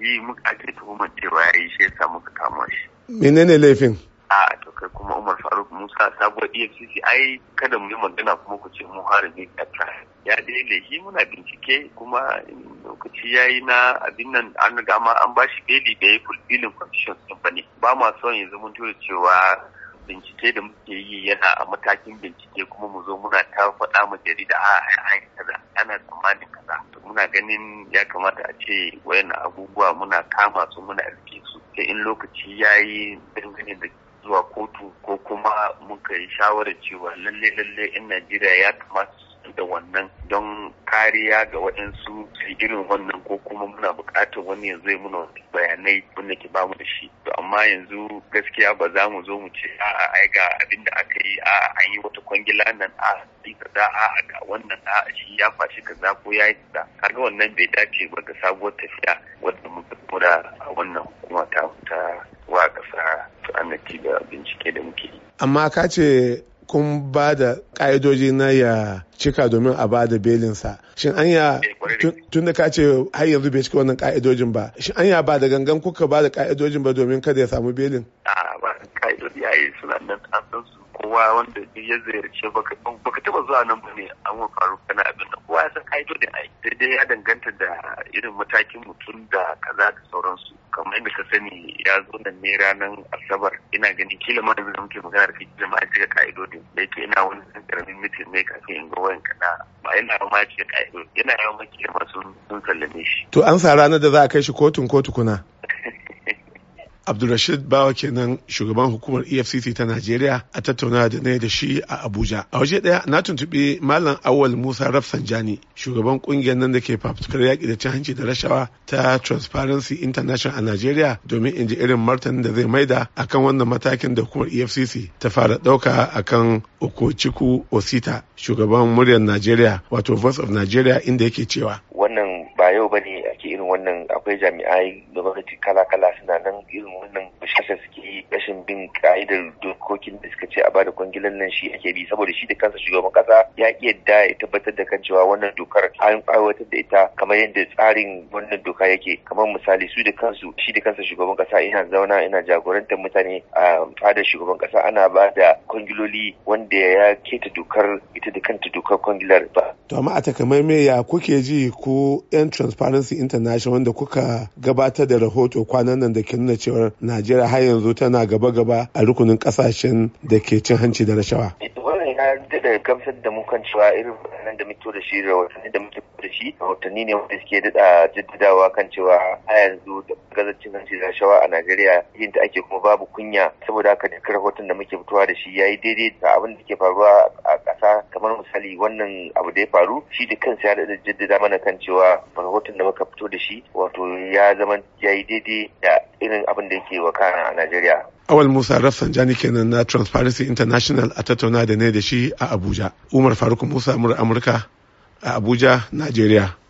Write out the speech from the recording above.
yi ake tuhumar cewa ya yi shi ya samu ka kama shi. Menene laifin? A to kai kuma Umar Faruk Musa sabuwar EFCC ai kada mu yi magana kuma ku ce mu ne a ya dai laifi muna bincike kuma lokaci ya yi na abin nan an ga ma an ba shi beli da ya fulfilin conditions din ba ne ba ma son ya zama cewa bincike da muke yi yana a matakin bincike kuma mu zo muna ta faɗa ma jarida a a hanyar ganin ya kamata a ce wayan abubuwa muna kama su muna rike su sai in lokaci ya yi dangane da zuwa kotu ko kuma muka yi shawarar cewa lalle lalle in najeriya ya kamata da wannan don kariya ga waɗansu irin wannan ko kuma muna buƙatar wani ya zai muna bayanai wanda ke bamu da shi amma yanzu gaskiya ba za mu zo mu ce a ai ga abin da aka yi a an yi wata kwangila nan a yi kaza a'a ga wannan a'a shi ya fashi kaza ko ya yi kaza kaga wannan bai dace ba ga sabuwar tafiya wadda muka kura a wannan hukuma ta wa kasa ta annaki da bincike da muke yi amma ka ce kun ba da ƙa'idoji na ya cika domin a ba da belinsa shin anya eh, tun da ka ce har yanzu bai cika wannan ƙa'idojin ba shin anya ba da gangan kuka ba da ƙa'idojin ba domin kada ya samu belin a ba ƙa'idoji ai suna nan an san su kowa wanda ya ziyarce baka taba zuwa nan ba ne an wa faru kana abin nan kowa ya san ƙa'idojin ai daidai ya danganta da irin matakin mutum da kaza da sauransu kamar yadda ka sani ya zo nan ne ranar asabar ina gani kila ma da muke magana da kai jama'a cika ka'idodin da yake ina wani ɗan karamin mitin ne kafin in ga wayan kana ba yana yawan ma cika ka'idodin yana yawan maki masu sun sallame shi. to an sa ranar da za a kai shi kotun ko tukuna. Abdulrashid Bawa kenan shugaban hukumar EFCC ta Najeriya a tattauna da na da shi a Abuja. A waje ɗaya na tuntuɓi Malam Awal Musa Rafsanjani shugaban ƙungiyar nan da ke fafutukar yaƙi da cin hanci da rashawa ta Transparency International a Najeriya domin in ji irin martanin da zai maida akan wannan matakin da hukumar EFCC ta fara ɗauka akan Okochiku Osita shugaban muryar Najeriya wato Voice of Nigeria inda yake cewa. Wannan ba yau bane irin wannan akwai jami'ai da gwamnati kala-kala suna nan irin wannan bishasa suke rashin bin ka'idar dokokin da suka ce a bada kwangilan nan shi ake bi saboda shi da kansa shugaban kasa ya iya da ya tabbatar da kan cewa wannan dokar an aiwatar da ita kamar yadda tsarin wannan doka yake kamar misali su da kansu shi da kansa shugaban kasa ina zauna ina jagorantar mutane a fadar shugaban kasa ana ba da kwangiloli wanda ya keta dokar ita da kanta dokar kwangilar ba. To amma a takamaimai ya kuke ji ko 'yan Transparency International International wanda kuka gabatar da rahoto kwanan nan da ke nuna cewar Najeriya har yanzu tana gaba-gaba a rukunin kasashen da ke cin hanci da rashawa. ya daɗa gamsar da mu kan cewa irin nan da muke da shi da watanni da muke da shi watanni ne wanda suke dada jaddadawa kan cewa a yanzu da gazacin hanci da rashawa a Najeriya yin da ake kuma babu kunya saboda haka duk rahoton da muke fitowa da shi yayi daidai da abin da ke faruwa a ƙasa kamar misali wannan abu da ya faru shi da kansa ya da jaddada mana kan cewa rahoton da muka fito da shi wato ya zama ya yi daidai da irin abin da yake wa kana a Najeriya. Awal Musa Rafsanjani kenan na Transparency International a tattauna da ne da shi a Abuja. Umar Faruk Musa Amurka a Abuja, Najeriya.